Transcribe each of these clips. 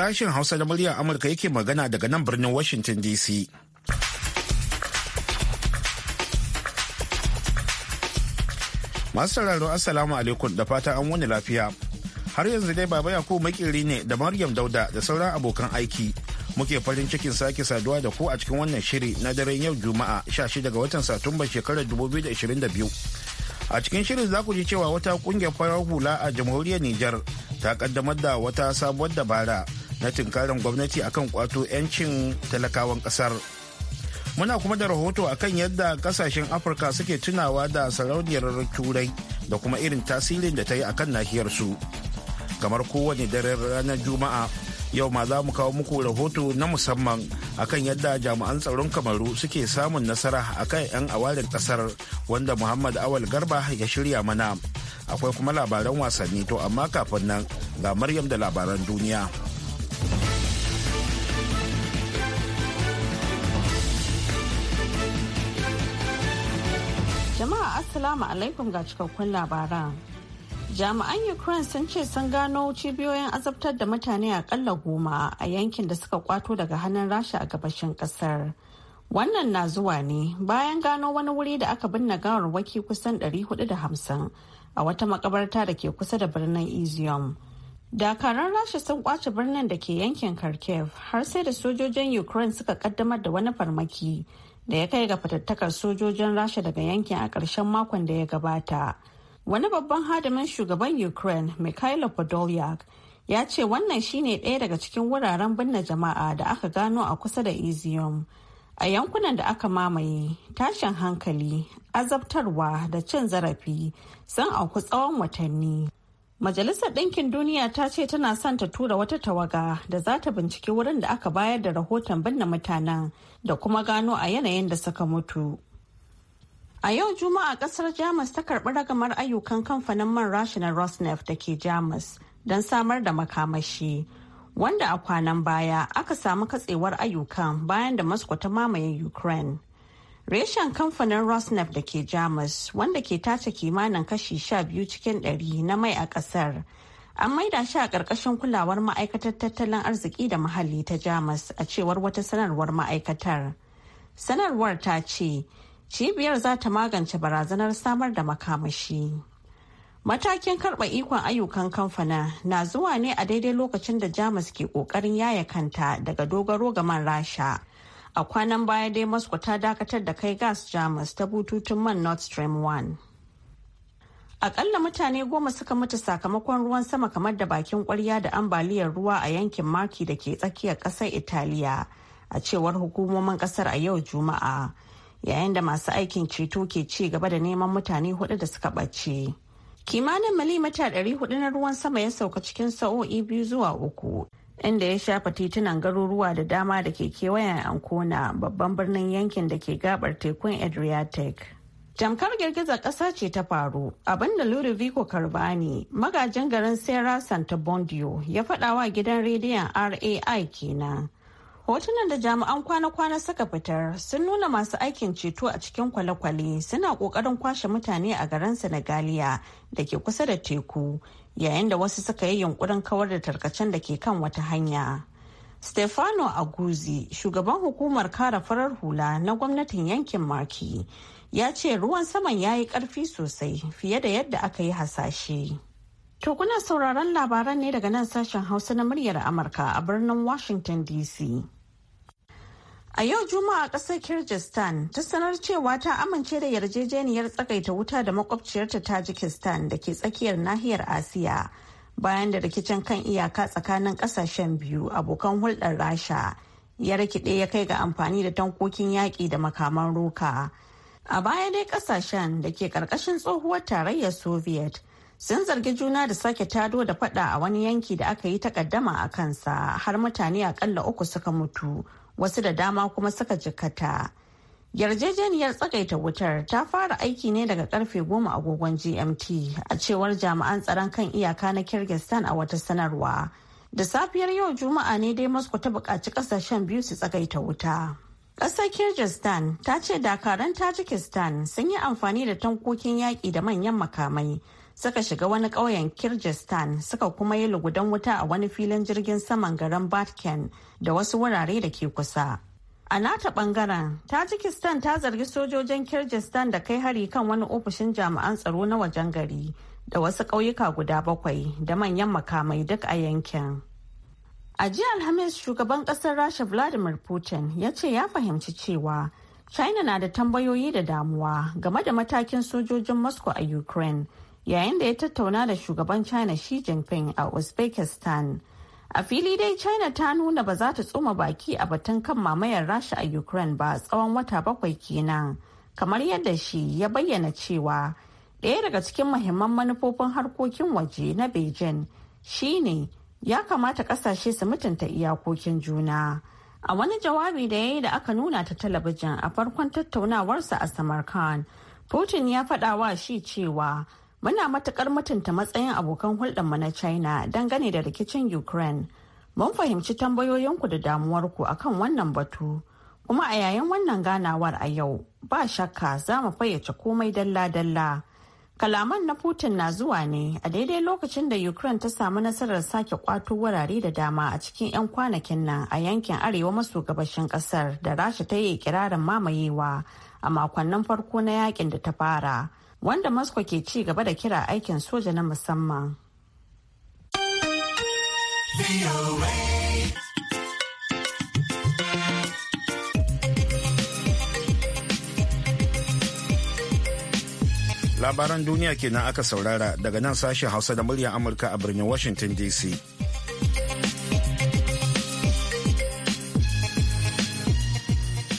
Sashen Hausa da muryar Amurka yake magana daga nan birnin Washington DC. Masu sauraro Assalamu alaikum da fata an wani lafiya. Har yanzu dai Baba Yakubu makiri ne da Maryam Dauda da sauran abokan aiki. Muke farin cikin sake saduwa da ku a cikin wannan shiri na daren yau Juma'a 16 ga watan Satumba shekarar 2022. a cikin shirin za ku ji cewa wata kungiyar farar hula a jamhuriyar Nijar ta kaddamar da wata sabuwar dabara na tunkarin gwamnati akan kwato 'yancin talakawan kasar muna kuma da rahoto akan yadda kasashen afirka suke tunawa da sarauniyar turai da kuma irin tasirin da ta yi akan nahiyarsu kamar kowane dare ranar juma'a yau ma za mu kawo muku rahoto na musamman akan yadda jami'an tsaron kamaru suke samun nasara akan 'yan awalin kasar wanda muhammad awal garba ya shirya mana akwai kuma labaran wasanni to amma kafin nan ga maryam da labaran duniya. Assalamu alaikum ga cikakkun labaran. Jami'an Ukraine sun ce sun gano cibiyoyin azabtar da mutane akalla goma a yankin da suka kwato daga hannun Rasha a gabashin kasar. Wannan na zuwa ne bayan gano wani wuri da aka binne gawarwaki kusan 450 a wata makabarta da ke kusa da birnin Izium. Dakaran Rasha sun kwace birnin da ke yankin Kharkiv har sai da sojojin Ukraine suka kaddamar da wani farmaki. da ya kai ga fatattakar sojojin rasha daga yankin a ƙarshen makon da ya gabata wani babban hadimin shugaban ukraine mikhailo podolyak ya ce wannan shine ɗaya daga cikin wuraren binne jama'a da aka gano a kusa da izium a yankunan da aka mamaye tashin hankali azabtarwa da cin zarafi sun auku tsawon watanni Majalisar Ɗinkin Duniya ta ce tana son ta tura wata tawaga da za ta binciki wurin da aka bayar da rahoton binne mutanen da kuma gano a yanayin da suka mutu. A yau Juma'a ƙasar Jamus ta karɓi ragamar ayyukan kamfanin man Rasha na Rosneft da ke Jamus don samar da makamashi. Wanda a kwanan baya aka samu katsewar ayyukan bayan da Moscow ta mamaye Ukraine. Reshen kamfanin Rosneft da ke Jamus wanda ke tace kimanin kashi sha biyu cikin ɗari na mai a ƙasar. An maida shi a ƙarƙashin kulawar ma'aikatar tattalin arziki da muhalli ta Jamus a cewar wata sanarwar ma'aikatar. Sanarwar ta ce, cibiyar za ta magance barazanar samar da makamashi. Matakin karɓa ikon ayyukan kamfana na zuwa ne a daidai lokacin da Jamus ke ƙoƙarin yaya kanta daga dogaro ga man Rasha a kwanan baya dai moscow ta dakatar da kai gas jamus ta bututun man nord stream 1 akalla mutane goma suka mutu sakamakon ruwan sama kamar da bakin kwarya da ambaliyar ruwa a yankin maki da ke tsakiyar kasar italiya a cewar hukumomin kasar a yau juma'a yayin da masu aikin ceto ke ci gaba da neman mutane hudu da suka ɓace kimanin milimita 400 na ruwan sama ya sauka cikin sa'o'i biyu zuwa uku inda ya shafa titunan garuruwa da dama da ke kewayen ankona babban birnin yankin da ke gabar tekun adriatic jamkar girgizar ƙasa ce ta faru abinda ludovico carbani magajin garin sierra santa bondio ya faɗawa gidan rediyon rai kenan Hotunan da jami'an kwana-kwana suka fitar sun nuna masu aikin ceto a cikin kwale-kwale suna kokarin kwashe mutane a garin Senegaliya da ke kusa da teku yayin da wasu suka yi yunkurin kawar da tarkacen da ke kan wata hanya. Stefano Aguzi, shugaban hukumar kara farar hula na gwamnatin yankin Maki, ya ce ruwan saman ya yi karfi sosai fiye da yadda aka yi hasashe. To kuna sauraron labaran ne daga nan sashen Hausa na muryar Amurka a birnin Washington DC. A yau Juma'a ƙasar Kyrgyzstan ta sanar cewa ta amince da yarjejeniyar tsagaita wuta da makwabciyarta Tajikistan da ke tsakiyar nahiyar Asiya bayan da rikicin kan iyaka tsakanin ƙasashen biyu abokan hulɗar Rasha ya rikide ya kai ga amfani da tankokin yaƙi da makaman roka. A baya dai ƙasashen da ke ƙarƙashin tsohuwar tarayyar Soviet sun zargi juna da sake tado da faɗa a wani yanki da aka yi takaddama a kansa har mutane akalla uku suka mutu wasu da dama kuma suka jikata. Yarjejeniyar tsagaita wutar ta fara aiki ne daga karfe goma agogon GMT a cewar jami'an tsaron kan iyaka na Kyrgyzstan a wata sanarwa. Da safiyar yau Juma'a ne dai Moscow ta buƙaci ƙasashen biyu su tsagaita wuta. Ƙasar Kyrgyzstan ta ce dakaran Tajikistan sun yi amfani da tankokin yaƙi da manyan makamai suka shiga wani ƙauyen kirgistan suka kuma yi lugudan wuta a wani filin jirgin saman garin batken da wasu wurare da ke kusa a nata bangaren tajikistan ta zargi sojojin kyrgyzstan da kai hari kan wani ofishin jami'an tsaro na wajen gari da wasu ƙauyuka guda bakwai da manyan makamai duk a yankin A jiya Alhamis shugaban ƙasar Rasha Vladimir Putin ya ce ya fahimci cewa China na da tambayoyi da damuwa game da matakin sojojin Moscow a Ukraine yayin da ya tattauna da shugaban china xi jinping a uzbekistan a fili dai china ta nuna ba za ta tsoma baki a batun kan mamayar rasha a ukraine ba tsawon wata bakwai kenan kamar yadda shi ya bayyana cewa ɗaya daga cikin mahimman manufofin harkokin waje na beijing ne ya kamata ƙasashe su mutunta iyakokin juna a wani jawabi da ya yi da aka nuna ta talabijin a farkon tattaunawarsa a samarkand putin ya faɗa wa shi cewa Muna matukar mutunta matsayin abokan hulɗarmu na China dangane da rikicin Ukraine. Mun fahimci tambayoyinku da damuwarku akan wannan batu. Kuma a yayin wannan ganawar a yau, ba shakka za mu fayyace komai dalla-dalla. Kalaman na Putin na zuwa ne a daidai lokacin da Ukraine ta samu nasarar sake kwato wurare da dama a cikin 'yan kwanakin nan a yankin arewa maso gabashin kasar da Rasha ta yi kirarin mamayewa a makonnin farko na yakin da ta fara. wanda Moscow ke ci gaba da kira aikin soja na musamman. Labaran duniya kenan aka saurara daga nan sashen Hausa da muryar Amurka a birnin Washington DC.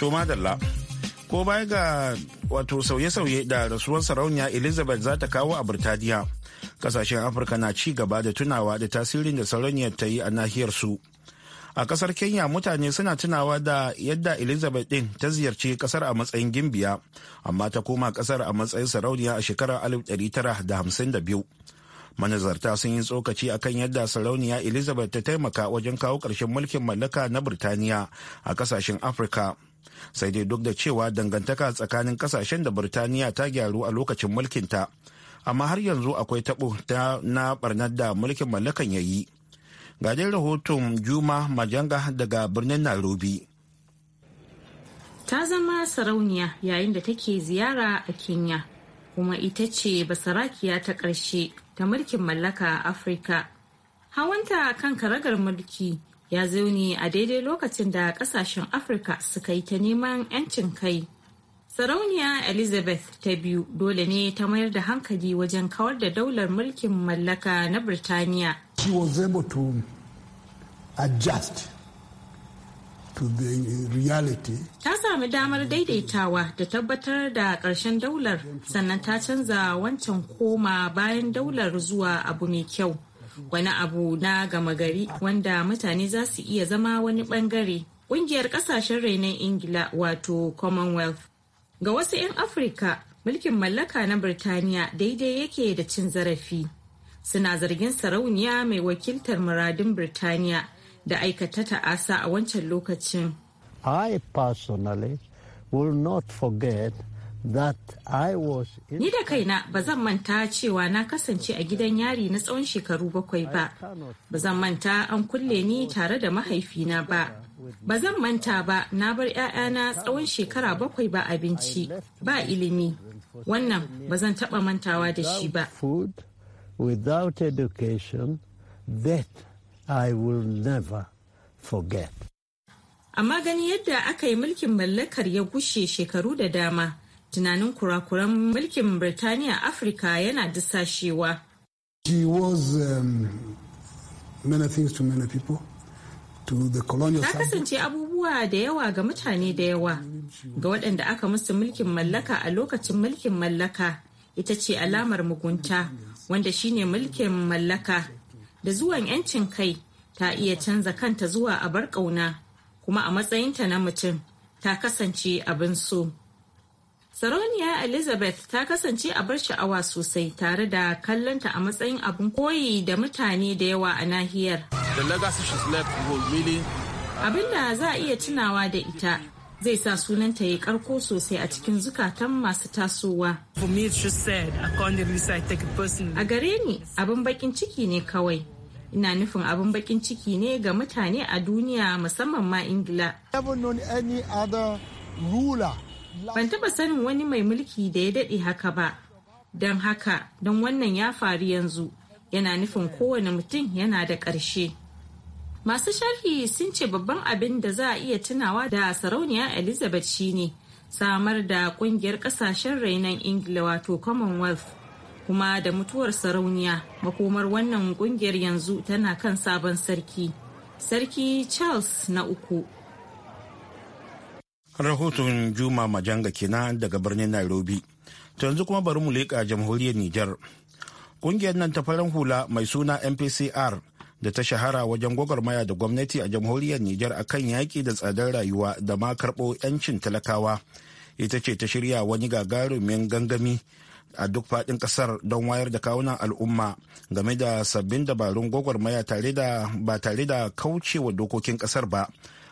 To madalla. ko baya ga wato sauye-sauye da rasuwar sarauniya elizabeth za ta kawo a birtaniya kasashen afirka na ci gaba da tunawa da tasirin da sarauniyar ta yi a nahiyar su a kasar kenya mutane suna tunawa da yadda elizabeth din ta ziyarci kasar a matsayin gimbiya amma ta koma kasar a matsayin sarauniya a shekarar 1952 manazarta sun yi tsokaci akan yadda sarauniya elizabeth ta taimaka wajen kawo ƙarshen mulkin mallaka na birtaniya a kasashen afirka sai dai duk da cewa dangantaka tsakanin kasashen da birtaniya ta gyaru a lokacin mulkinta amma har yanzu akwai tabo na barnar da mulkin mallakan ya yi gadin rahoton juma majanga daga birnin nairobi ta zama sarauniya yayin da take ziyara a kenya kuma ita ce basarakiya ta ƙarshe ta mulkin mallaka a afirka hawanta kan karagar mulki ya zo ne a daidai lokacin da kasashen afirka suka yi ta neman 'yancin kai sarauniya elizabeth ta biyu dole ne ta mayar da hankali wajen kawar da daular mulkin mallaka na birtaniya Ta sami damar daidaitawa da tabbatar da ƙarshen daular sannan ta canza wancan koma bayan daular zuwa abu mai kyau. wani abu na gama gari wanda mutane za su iya zama wani bangare ƙungiyar ƙasashen rainon ingila wato commonwealth ga wasu 'yan afirka mulkin mallaka na birtaniya daidai yake da cin zarafi suna zargin sarauniya mai wakiltar muradin birtaniya da aikata ta'asa a wancan lokacin i personally will not forget Ni da kaina ba zan manta cewa na kasance a gidan yari na tsawon shekaru bakwai ba. Ba zan manta an kulle ni tare da mahaifina ba. Ba zan manta ba na bar 'ya'yana tsawon shekara bakwai ba abinci, ba ilimi. Wannan ba zan taɓa mantawa da shi ba. Without education, that I will never forget. Amma gani yadda aka yi mulkin mallakar ya gushe shekaru da dama. tunanin kurakuran mulkin Birtaniya Afirka yana dusashewa. She was um, many things to many people. Ta kasance abubuwa da yawa ga mutane da yawa ga waɗanda aka musu mulkin mallaka a lokacin mulkin mallaka ita ce alamar mugunta wanda shine mulkin mallaka da zuwan 'yancin kai ta iya canza kanta zuwa bar ƙauna kuma a matsayinta na mutum ta kasance abin so. Sarauniya Elizabeth ta kasance a bar sha'awa sosai tare da kallonta a matsayin abin koyi da mutane da yawa a nahiyar. Abin da za a iya tunawa da ita zai sa sunanta ya karko sosai a cikin zukatan masu tasowa. A gare ni abin bakin ciki ne kawai. Ina nufin abin bakin ciki ne ga mutane a duniya musamman ma Ingila. ban taba sanin wani mai mulki da ya daɗe haka ba don haka don wannan ya faru yanzu yana nufin kowane mutum yana da ƙarshe masu sharhi sun ce babban abin da za a iya tunawa da sarauniya elizabeth shine samar da kungiyar ƙasashen rainon ingila wato commonwealth kuma da mutuwar sarauniya makomar wannan kungiyar yanzu tana kan sabon sarki sarki charles na uku rahoton juma majanga kenan daga birnin nairobi to yanzu kuma bari mu leƙa jamhuriyar niger ƙungiyar nan ta farin hula mai suna mpcr da ta shahara wajen gwagwarmaya da gwamnati a jamhuriyar niger akan yaƙi da tsadar rayuwa da ma karɓo 'yancin talakawa ita ce ta shirya wani gagarumin gangami a duk faɗin ƙasar don wayar da kawunan al'umma game da sabbin dabarun gwagwarmaya ba tare da kaucewa dokokin ƙasar ba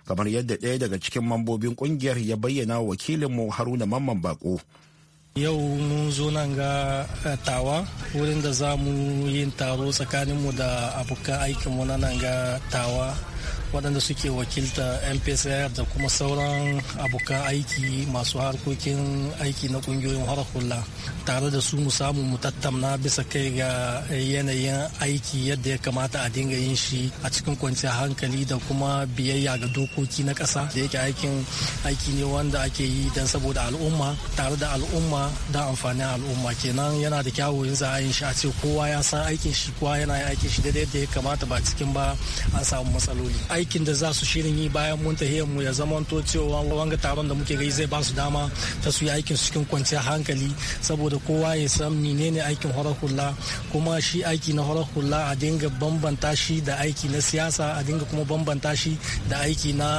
kamar yadda ɗaya daga cikin mambobin ƙungiyar ya bayyana wakilinmu haruna mamman bako yau mun zo nan ga eh, tawa wurin da za mu yin taro tsakaninmu da abokan aikinmu na nan ga tawa waɗanda suke wakilta mpcr da kuma sauran abokan aiki masu harkokin aiki na ƙungiyoyin hula tare da su mu samu mu tattauna bisa kai ga yanayin aiki yadda ya kamata a dinga yin shi a cikin kwanciyar hankali da kuma biyayya ga dokoki na ƙasa da yake aikin aiki ne wanda ake yi don saboda al'umma tare da al'umma da amfanin al'umma kenan yana da kyawun za a yin shi a ce kowa ya san aikin shi kowa yana yin aikin shi daidai yadda ya kamata ba cikin ba an samu matsaloli aikin da za su shirin yi bayan mun tahiyar mu ya zama to cewa wanga taron da muke gai zai ba su dama ta su yi aikin su cikin kwanciyar hankali saboda kowa ya san menene aikin horar hula kuma shi aiki na horar hula a dinga bambanta shi da aiki na siyasa a dinga kuma bambanta shi da aiki na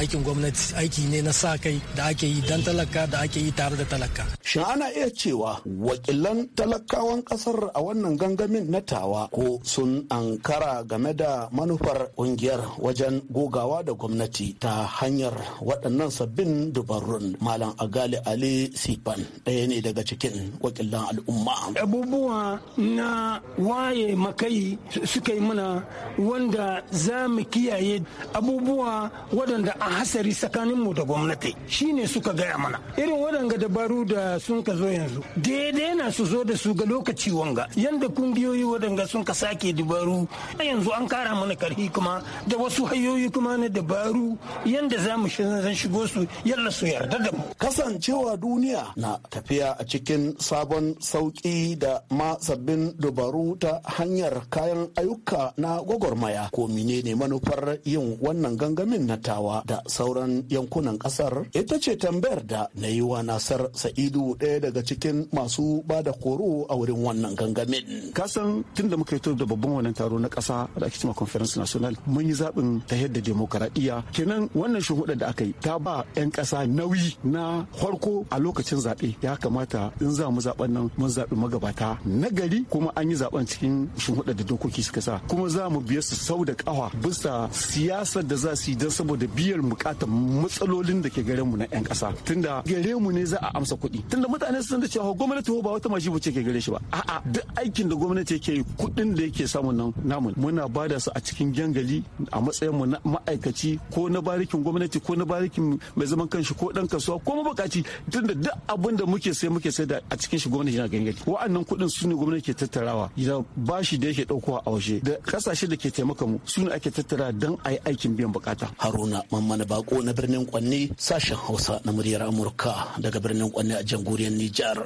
aikin gwamnati aiki ne na sa kai da ake yi dan talaka da ake yi tare da talaka shin ana iya cewa wakilan talakawan kasar a wannan gangamin na tawa ko sun ankara game da manufar kungiyar wajen gogawa da gwamnati ta hanyar waɗannan sabbin dubarun malam agali ali sifan ɗaya ne daga cikin wakilan al'umma abubuwa na waye makai suka yi mana wanda za mu kiyaye abubuwa waɗanda a hasari tsakaninmu da gwamnati shine suka gaya mana irin waɗanga dabaru da sun ka zo yanzu daidai na su zo da su ga lokaci wanga yanda kungiyoyi waɗanga sun ka sake dabaru yanzu an kara mana karhi kuma da wasu hanyoyi kuma na dabaru yadda za mu zan shigo su yalla su yarda da mu. Kasancewa duniya na tafiya a cikin sabon sauƙi da ma sabbin dabaru ta hanyar kayan ayyuka na gwagwarmaya ko ne manufar yin wannan gangamin na tawa da sauran yankunan ƙasar ita ce tambayar da na yi wa Nasar Sa'idu ɗaya daga cikin masu ba da koro a wurin wannan gangamin. Kasan tun da muka yi da babban wannan taro na ƙasa da ake conference national mun yi zaɓin ta yadda demokaradiyya kenan wannan shuhuda da aka yi ta ba 'yan ƙasa nauyi na farko a lokacin zaɓe ya kamata in za mu zaɓen nan mun zaɓi magabata na gari kuma an yi zaɓen cikin shuhuda da dokoki suka sa kuma za mu biya su sau da ƙawa bisa siyasar da za su yi don saboda biyar bukatar matsalolin da ke gare mu na 'yan ƙasa tunda gare mu ne za a amsa kuɗi tunda mutane sun da cewa gwamnati ba wata mashi ce ke gare shi ba a'a duk aikin da gwamnati yake yi kuɗin da yake samun nan namu muna bada su a cikin jangali a matsayin mu na ma'aikaci ko na barikin gwamnati ko na barikin mai zaman kanshi ko dan kasuwa ko mabukaci tunda duk abin da muke sai muke sai da a cikin shi gwamnati na gangari wa'annan kuɗin su ne gwamnati ke tattarawa da bashi da yake ɗaukowa a waje da kasashe da ke taimaka mu su ne ake tattara dan a yi aikin biyan bukata haruna mammana bako na birnin kwanne sashen hausa na muryar amurka daga birnin kwanne a jamhuriyar nijar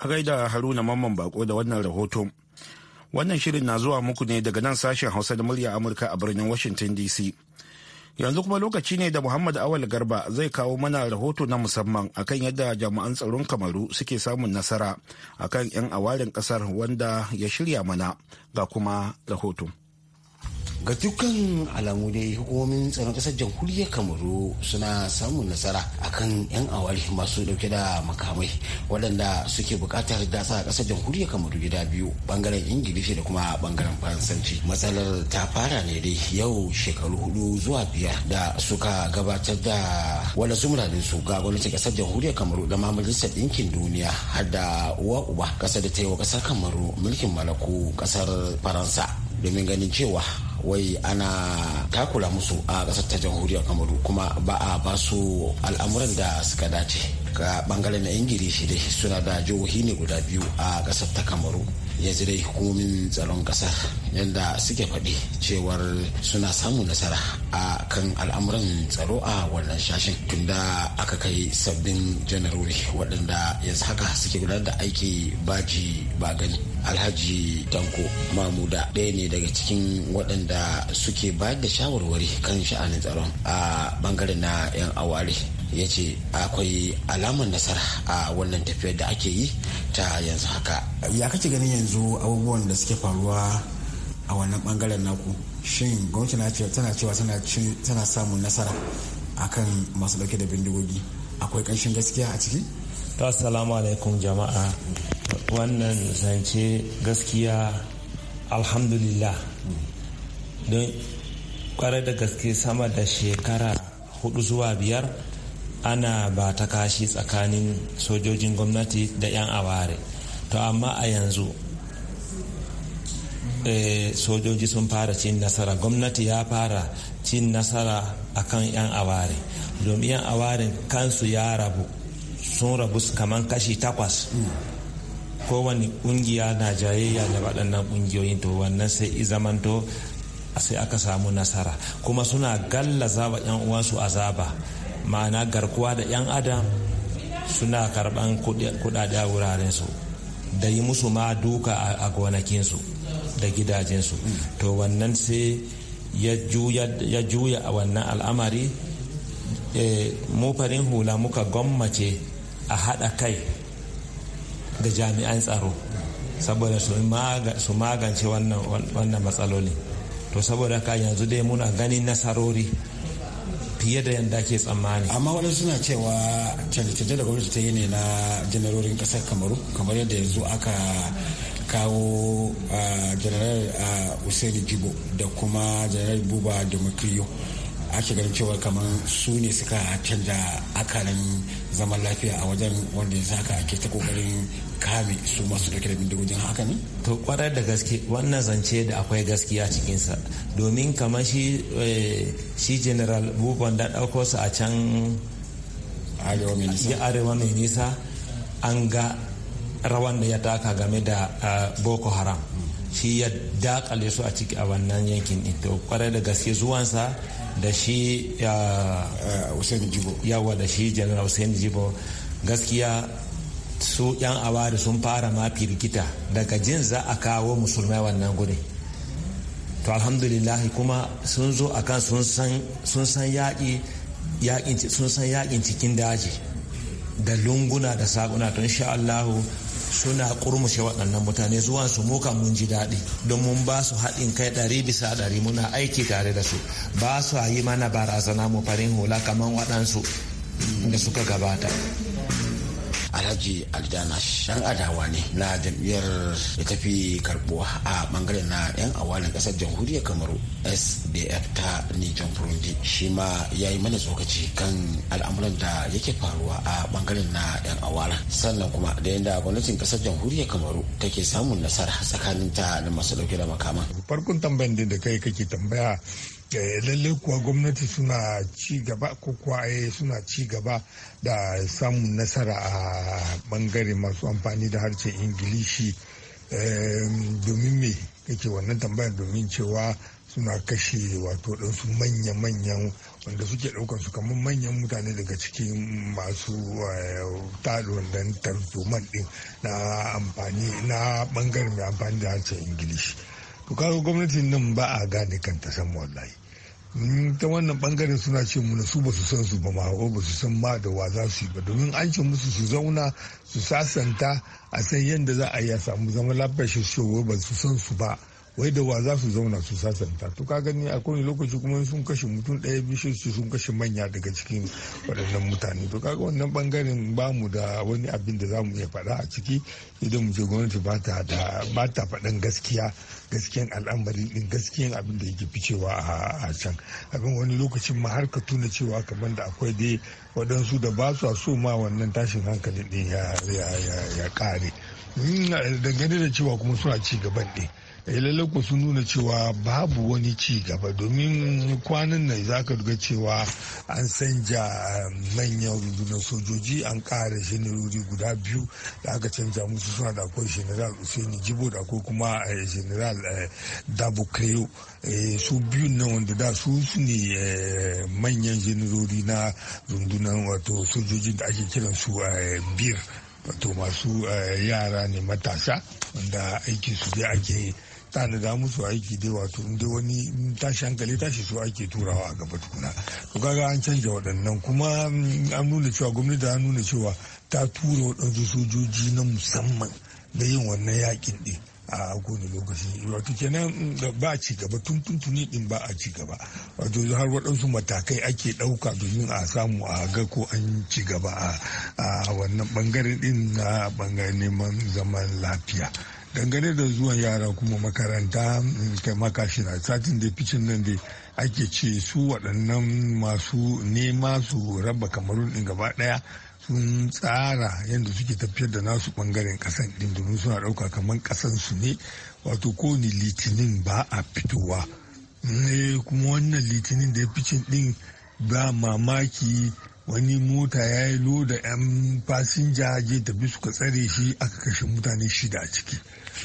a gaida haruna mamman bako da wannan rahoton Wannan shirin na zuwa muku ne daga nan sashen Hausa da murya Amurka a birnin Washington DC. Yanzu kuma lokaci ne da Muhammad Awal Garba zai kawo mana rahoto na musamman akan yadda jami'an tsaron Kamaru suke samun nasara akan 'yan awarin kasar wanda ya shirya mana ga kuma rahoto. ga dukkan alamu dai hukumomin tsaron kasar jamhuriyar kamaru suna samun nasara a kan yan awali masu dauke da makamai waɗanda suke buƙatar gasa kasar jamhuriyar kamaru gida biyu bangaren ingilishi da kuma bangaren faransanci matsalar ta fara ne dai yau shekaru hudu zuwa biyar da suka gabatar da wani zumuranin su ga gwamnatin kasar jamhuriyar kamaru da ma majalisar ɗinkin duniya har da uwa uba kasar da ta yi wa kasar kamaru mulkin malaku kasar faransa domin ganin cewa wai ana takura musu a ƙasar ta jamhuriyar kamaru kuma ba a ba su al'amuran da suka dace ga bangaren na ingilishi da suna da jihohi ne guda biyu a ƙasar ta kamaru ya ji dai hukumomin tsaron kasar yadda suke faɗi cewar suna samun nasara a kan al'amuran tsaro a wannan shashin tunda aka kai sabbin janarori waɗanda yanzu haka suke gudanar da aiki baji ba gani alhaji tanko mamuda ɗaya ne daga cikin waɗanda suke bayar da shawarwari kan sha'anin tsaron a bangare na 'yan aware ya ce akwai alamar nasara a wannan tafiyar da ake yi ta yanzu haka ya kake ganin yanzu abubuwan da suke faruwa a wannan bangaren naku shin gwamnati na cewa tana cewa tana samun nasara akan masu dauke da bindigogi akwai kanshin gaskiya a ciki to alaikum jama'a wannan zance gaskiya alhamdulillah don kwarar da gaske sama da shekara hudu zuwa biyar ana ba ta kashi tsakanin sojojin gwamnati da 'yan aware to amma a yanzu eh, sojoji sun fara cin nasara gwamnati ya fara cin nasara akan 'yan aware domin 'yan awarin kansu ya rabu sun rabu kamar kashi takwas kowane kungiya na jayayya da waɗannan kungiyoyin to wannan sai zamanto sai aka samu nasara kuma suna gallaza wa 'yan uwansu azaba ma'ana garkuwa da 'yan adam suna karban kudade a wurarensu da yi musu ma duka a gonakinsu da gidajensu to wannan sai ya juya a wannan al'amari eh, mu farin hula muka gwammace a haɗa kai da jami'an tsaro saboda su magance wannan matsaloli to saboda ka yanzu dai muna gani nasarori fiye da yadda ake tsammani amma wani suna cewa canje-canje da gwamnati ta yi ne na janarorin kasar kamaru kamar yadda yanzu aka kawo ah, janar ah, usaini jibo da kuma janar buba da ake ganin cewa kamar su ne suka canja akalin zaman lafiya a wajen wanda ya haka ake ta kokarin kame su masu dauke da bindigogin haka ne? to kwarar da gaske wannan zance da akwai gaskiya cikinsa domin kamar shi eh, general bubon da ɗauko su a can arewa mai nisa an ga rawan da ya taka game da eh, boko haram shi ya dakale su a ciki a wannan yankin din to kwarai da gaske zuwansa da shi eh, Hussein Jibo yawa da shi General Hussein Jibo gaskiya su yan awari sun fara ma firgita daga jin za a kawo musulmai wannan gudun to alhamdulillah kuma sun zo a kan sun san yaƙin cikin daji da lunguna da saguna to insha Allahu suna kurmushe waɗannan mutane zuwa su muka mun ji daɗi don mun ba su haɗin kai ɗari bisa ɗari muna aiki tare da su ba su yi mana barazana mu farin hula kamar waɗansu da suka gabata alhaji aldana shan adawa ne na jam'iyyar da tafi karbuwa a bangaren na yan awalin kasar jamhuriyar kamaru sdf ta nijan burundi shi ma ya yi mana tsokaci kan al'amuran da yake faruwa a bangaren na yan awala sannan kuma da yadda gwamnatin kasar jamhuriyar kamaru take samun nasara tsakanin ta da masu dauke da makama farkon tambayan da kai kake tambaya Lallai kuwa gwamnati suna ci gaba ko kuwa eh, suna ci gaba da samun nasara a bangare masu amfani da harshen ingilishi domin me kake wannan tambayar domin cewa suna kashe wato ɗansu manya-manyan wanda suke ɗaukar su kamar manyan mutane daga cikin masu eh, taɗin don tarzoman ɗin na amfani na mai amfani da harshen ingilishi to kaga gwamnatin nan ba a gane kanta san wallahi Mm, ta wannan bangaren suna ce muna su ba su san su ba ma ba su san ma da wa za su yi ba domin an ce musu su zauna su sasanta a san yadda za a yi a samu zama lafiyar shi ba su san su ba wai da wa za su zauna su sasanta to ka gani a kowane lokaci kuma sun kashe mutum ɗaya biyu su sun kashe manya daga cikin waɗannan mutane to kaga wannan bangaren ba mu da wani abin da za mu iya faɗa a ciki idan mu ce gwamnati ba ta faɗan gaskiya gaskiyan al'amarin din gaskiyan abin da yake ficewa a can abin wani lokacin ma har ka tuna cewa kamar da akwai da waɗansu da ba su so ma wannan tashin hankali din ya ƙare dangane da cewa kuma suna ci gaban ɗin Eh, lallai ku sun nuna cewa babu wani ci gaba domin kwanan nan za ka duga cewa an sanja um, manyan rundunar sojoji an ƙara shenerori guda biyu da aka canja musu suna da akwai general usaini jibo da akwai kuma eh, general eh, dabo creyo su biyu nan wanda da su su ne manyan generori na rundunar wato sojoji da ake kiransu bir wato masu eh, yara ne matasa wanda aiki su dai ake tanada musu aiki dai wato inda wani tashi hankali tashi su ake turawa a gaba tukuna to kaga an canja waɗannan kuma mm, an nuna cewa gwamnati an nuna cewa ta tura waɗansu sojoji na musamman da yin wannan yakin ɗin a kowane lokaci wato kenan mm, ba a cigaba tun tuntuni din ba a gaba wato har waɗansu matakai ake ɗauka domin a samu a ga ko an cigaba a wannan ɓangaren din na ɓangaren neman zaman lafiya dangane da zuwan yara kuma makaranta mm, kai makashi na satin da ficin nan da ake ce su waɗannan masu nema su raba kamarun din gaba ɗaya sun tsara yadda suke tafiyar da nasu bangaren kasan din domin suna ɗauka kamar kasan su ne wato ko ni litinin ba a fitowa eh, kuma wannan litinin da ya ficin din ba mamaki wani mota ya yi loda 'yan fasinja je tafi suka tsare shi aka kashe mutane shida a ciki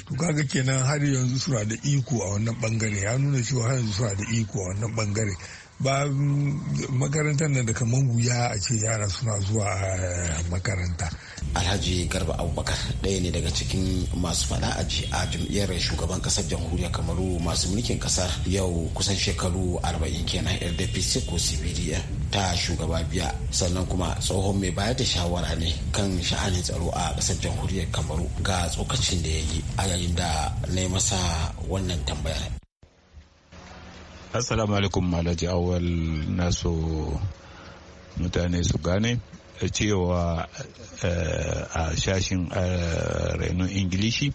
to kaga kenan har yanzu suna da iko a wannan bangare ya nuna cewa har yanzu suna da iko a wannan bangare ba makarantar nan da kamar wuya a ce yara suna zuwa eh, makaranta alhaji garba abubakar ɗaya ne daga cikin masu fada a a jam'iyyar shugaban kasar jamhuriyar kamaru masu mulkin kasar yau kusan shekaru 40 kenan rdpc ko cbdf ta shugaba biya sannan kuma tsohon mai bayar da shawara ne kan sha'anin tsaro a kasar jamhuriyar kamaru ga tsokacin da ya yi a yayin da na yi masa wannan tambayar assalamu alaikum malaji awal naso mutane su gane cewa eh, a shashin eh, rainon ingilishi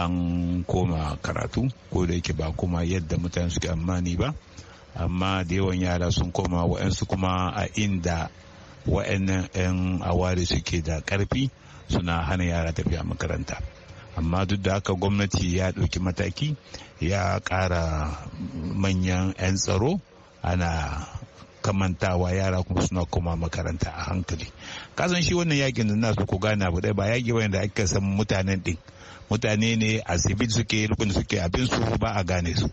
an koma karatu ko da yake ba kuma yadda mutane suke amani ba amma da yawan yara sun koma wa'ansu kuma a inda wa'annan 'yan awari suke da karfi suna hana yara tafiya makaranta amma duk da haka gwamnati ya ɗauki mataki ya ƙara manyan 'yan tsaro ana kamantawa yara kuma suna koma makaranta a hankali kasan shi wannan yakin da nasu ko gane abu ɗaya ba yaki wanda aka san mutanen ɗin mutane ne a sibil suke lokacin suke abin su ba a gane su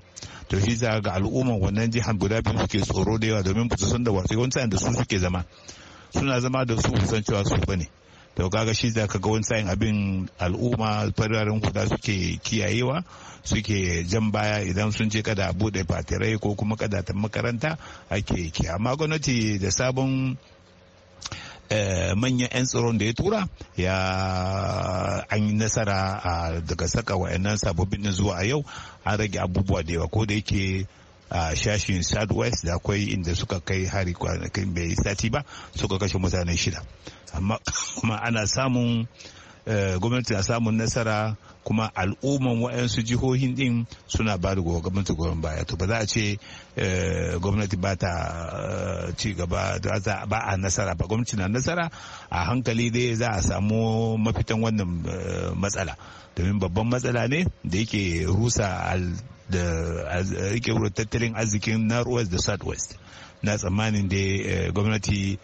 to shi za ga al'umma wannan jihar guda biyu suke tsoro da yawa domin ba su san da wasu yawanci da su suke zama suna zama da su san cewa su bane to kaga shi da kaga wani sa'in abin al'umma fararen kuda suke kiyayewa suke jan baya idan sun je kada bude fatirai ko kuma kada ta makaranta ake ki amma gwamnati da sabon eh, manyan 'yan tsaron da ya tura ya an yi nasara ah, daga saka wa'annan sababbin zuwa a yau an rage abubuwa da yawa ko da yake a shashin southwest da akwai inda suka kai hari kwanakin bai sati ba suka kashe mutane shida amma kuma ana samun eh, gwamnati na samun nasara kuma al'umman waɗansu jihohin din suna ba da gwamnati goyon baya to ba za a ce eh, gwamnati ba ta eh, ci gaba ba a nasara ba gwamnati na nasara a hankali dai za a samu mafitan wannan matsala domin babban matsala ne da yake rusa da rike eh, tattalin arzikin northwest da southwest na tsammanin da eh, gwamnati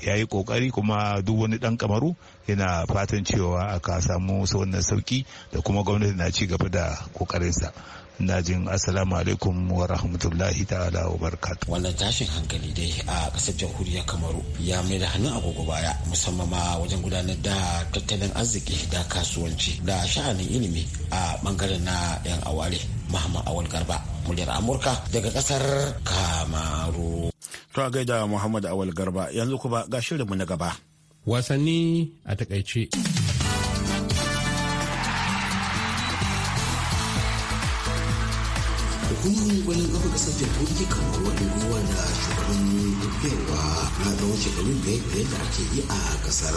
ya yi kokari kuma duk wani dan kamaru yana fatan cewa aka samu wannan sauki da kuma gwamnati na ci gaba da kokarinsa na jin assalamu alaikum wa rahmatullahi ta'ala wa wannan tashin hankali dai a kasar jamhuriyar kamaru ya mai da hannun agogo baya musamman ma wajen gudanar da tattalin arziki da kasuwanci da sha'anin ilimi a bangaren na yan aware Muhammad Awal Garba muryar Amurka daga kasar Kamaru. To a gaida Muhammad Awal Garba yanzu kuma ga shirinmu na gaba. Wasanni a takaice. Hukumomin gwanin kafa kasar jamhuriyar Kamaru ruwa da shugaban tafiyarwa na tsawon shekaru da biyar da ake yi a kasar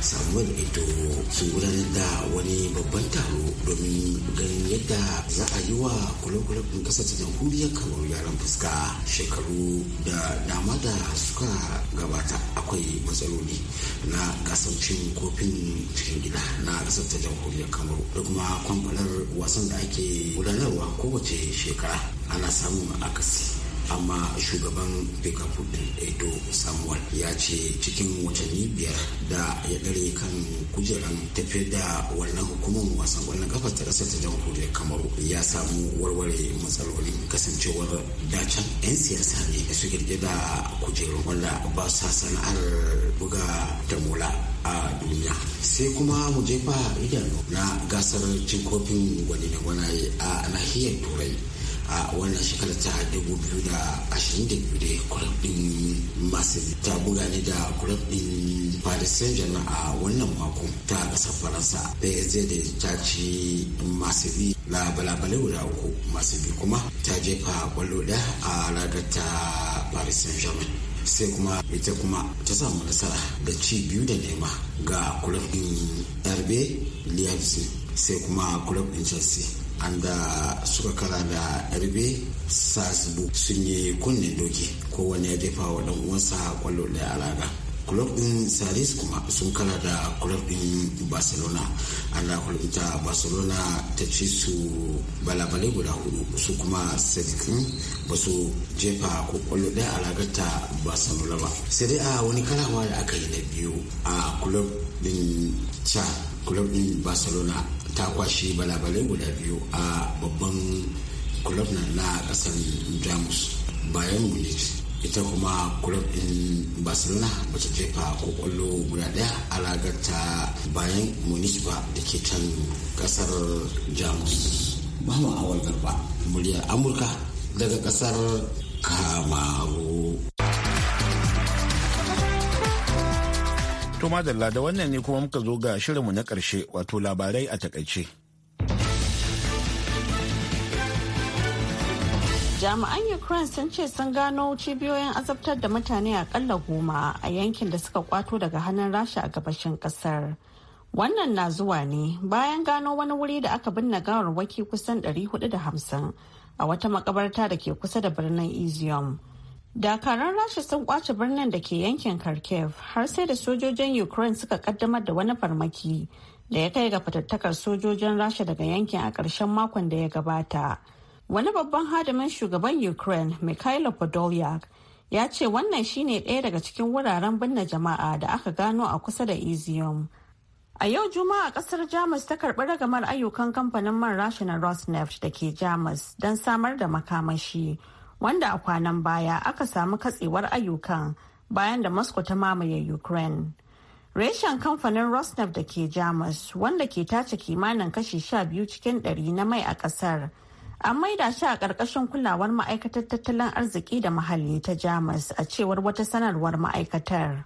samuwar ito sun gudanar da wani babban taro domin ganin yadda za a yi wa kule-kule ɗin kasar jamhuriyar Kamaru yaran fuska shekaru da dama da suka gabata akwai matsaloli na gasancin kofin cikin gida na kasar ta jamhuriyar Kamaru da kuma kwamfanar wasan da ake gudanarwa kowace shekara ana samun akasi amma shugaban Bekaput Edo Samuel ya ce cikin watanni biyar da ya dare kan kujeran tafiya da wannan hukumar wasan wannan kafa ta kasar ta jamhuriyar Kamaru ya samu warware matsaloli, kasancewar dacen 'yan siyasa ne da suke da kujerun wanda ba sa sana'ar buga ta mola a duniya sai kuma mu jefa idanu na gasar cin kofin gwani na gwanaye a nahiyar turai a wannan shekarar ta 2022 da club din marseille ta buga ne da club din paris saint germain a wannan mako ta kasar faransa psg da ta ci marseille labalabalai guda uku marseille kuma ta jefa kwallo da a ragar ta paris saint germain sai kuma ita kuma ta samu nasara da ci biyu da nema ga club din rb leipzig sai kuma club din chelsea an da suka kara da yarbe sasbu sun yi kunne doki kowane ya jefa wa dan uwansa kwallo daya a raga club din saris kuma sun kara da club din barcelona da kulunta barcelona ta ci su balabalai guda hudu su kuma sadikin ba su jefa ko kwallo daya alaga ta barcelona ba sai dai a wani karawa da aka yi na biyu a club din cha club din barcelona ta kwashe balabalai guda biyu a babban kulob na kasar jamus bayan munich ita kuma kulob din barcelona ta jefa ko guda daya a ragarta bayan munich ba da ke can kasar jamus muhammad awal garba muryar amurka daga kasar kamaru To madalla da wannan ne kuma muka zo ga shirinmu na ƙarshe wato labarai a takaice. Jami'an Ukraine sun ce sun gano cibiyoyin azabtar da mutane a akalla goma a yankin da suka kwato daga hannun rasha a gabashin kasar. Wannan na zuwa ne bayan gano wani wuri da aka binne gawarwaki kusan 450 a wata makabarta da ke kusa da birnin Izium. Dakaran Rasha sun kwace birnin da ke yankin Kharkiv har sai da sojojin Ukraine suka kaddamar da wani farmaki da ya kai ga fatattakar sojojin Rasha daga yankin a ƙarshen makon da ya gabata. Wani babban hadimin shugaban Ukraine, Mikhailo Podolyak, ya ce wannan shine ɗaya daga cikin wuraren binne jama'a da aka gano a kusa da Izium. A yau Juma'a kasar Jamus ta karɓi ragamar ayyukan kamfanin man Rasha na Rosneft da ke Jamus don samar da makamashi. wanda a kwanan baya aka samu katsewar ayyukan bayan da moscow ta mamaye ukraine reshen kamfanin rosneft da ke jamus wanda ke tace kimanin kashi sha biyu cikin ɗari na mai a kasar. an maida shi a ƙarƙashin kulawar ma'aikatar tattalin arziki da muhalli ta jamus a cewar wata sanarwar ma'aikatar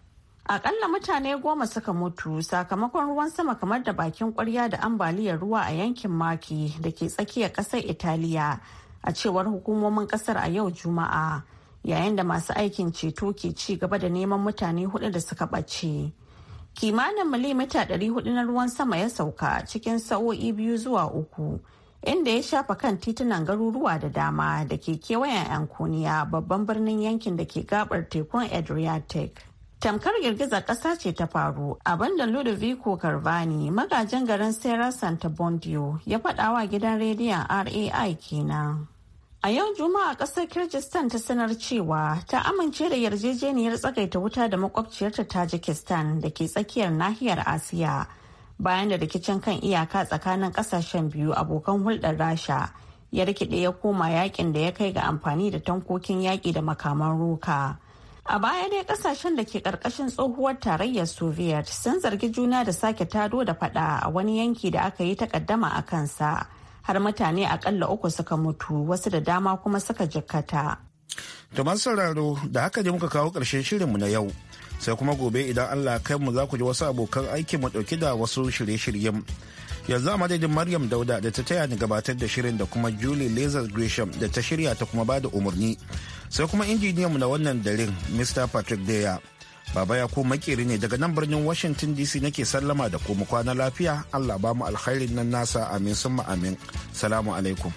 akalla mutane goma suka mutu sakamakon ruwan sama kamar da bakin ƙwarya da ambaliyar ruwa a yankin maki da ke tsakiyar ƙasar italiya a cewar hukumomin kasar a yau juma'a yayin da masu aikin ceto ke ci gaba da neman mutane hudu da suka ɓace kimanin milimita 400 na ruwan sama ya sauka cikin sa'o'i biyu zuwa uku inda ya shafa kan titunan garuruwa da dama da ke kewayen ankoniya babban birnin yankin da ke gabar tekun adriatic tamkar girgizar ƙasa ce ta faru abinda ludovico carvani magajin garin sierra santa bondio ya faɗawa gidan rediyon rai kenan a yau juma'a ƙasar kirgistan ta sanar cewa ta amince da yarjejeniyar tsagaita wuta da makwabciyarta tajikistan da ke tsakiyar nahiyar asiya bayan da rikicin kan iyaka tsakanin ƙasashen biyu abokan hulɗar rasha ya rikide ya koma yakin da ya kai ga amfani da tankokin yaƙi da makaman roka. A baya dai kasashen da ke karkashin tsohuwar tarayyar Soviet sun zargi juna da sake tado da fada a wani yanki da aka yi takaddama a kansa. Har mutane akalla uku suka mutu wasu da dama kuma suka jikkata. To masu sauraro da haka ne muka kawo ƙarshen shirinmu na yau. Sai kuma gobe idan Allah kai mu za ku ji wasu abokan aiki mu ɗauki da wasu shirye-shiryen. yanzu a madadin maryam dauda da ta taya ni gabatar da shirin da kuma julie lazar gresham da ta shirya ta kuma bada umarni sai kuma injiniyanmu na wannan darin mr patrick deya baba ya ko makeri ne daga nan birnin washington dc nake sallama da kuma kwana lafiya allah ba mu alkhairin nan nasa amin sun amin salamu alaikum